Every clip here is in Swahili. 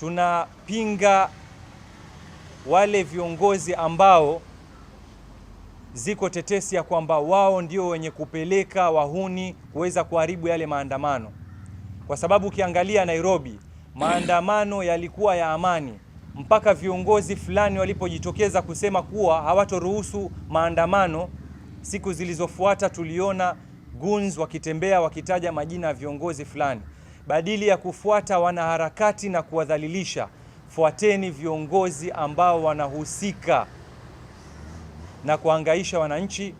tunapinga wale viongozi ambao ziko tetesi ya kwamba wao ndio wenye kupeleka wahuni kuweza kuharibu yale maandamano, kwa sababu ukiangalia Nairobi maandamano yalikuwa ya amani mpaka viongozi fulani walipojitokeza kusema kuwa hawatoruhusu maandamano. Siku zilizofuata tuliona guns wakitembea wakitaja majina ya viongozi fulani badili ya kufuata wanaharakati na kuwadhalilisha, fuateni viongozi ambao wanahusika na kuhangaisha wananchi.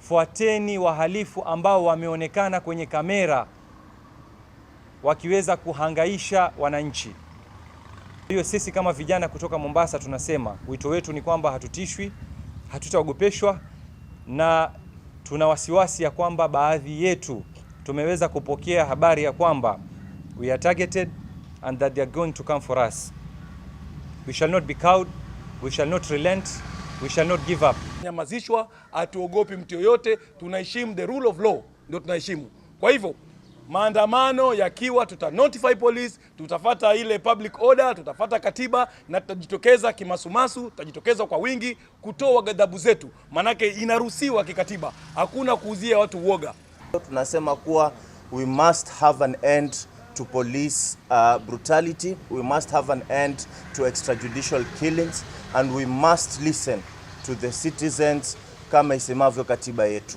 Fuateni wahalifu ambao wameonekana kwenye kamera wakiweza kuhangaisha wananchi. Hiyo sisi kama vijana kutoka Mombasa tunasema wito wetu ni kwamba hatutishwi, hatutaogopeshwa na tuna wasiwasi ya kwamba baadhi yetu tumeweza kupokea habari ya kwamba we are targeted and that they are going to come for us. We shall not be cowed, we shall not relent, we shall not give up. Nyamazishwa, hatuogopi mtu yoyote, tunaheshimu the rule of law, ndio tunaheshimu. Kwa hivyo maandamano yakiwa, tuta notify police, tutafata ile public order, tutafata katiba na tutajitokeza kimasumasu, tutajitokeza kwa wingi kutoa ghadhabu zetu, manake inaruhusiwa kikatiba, hakuna kuuzia watu uoga. Tunasema kuwa we must have an end to police uh, brutality. We must have an end to extrajudicial killings and we must listen to the citizens kama isemavyo katiba yetu.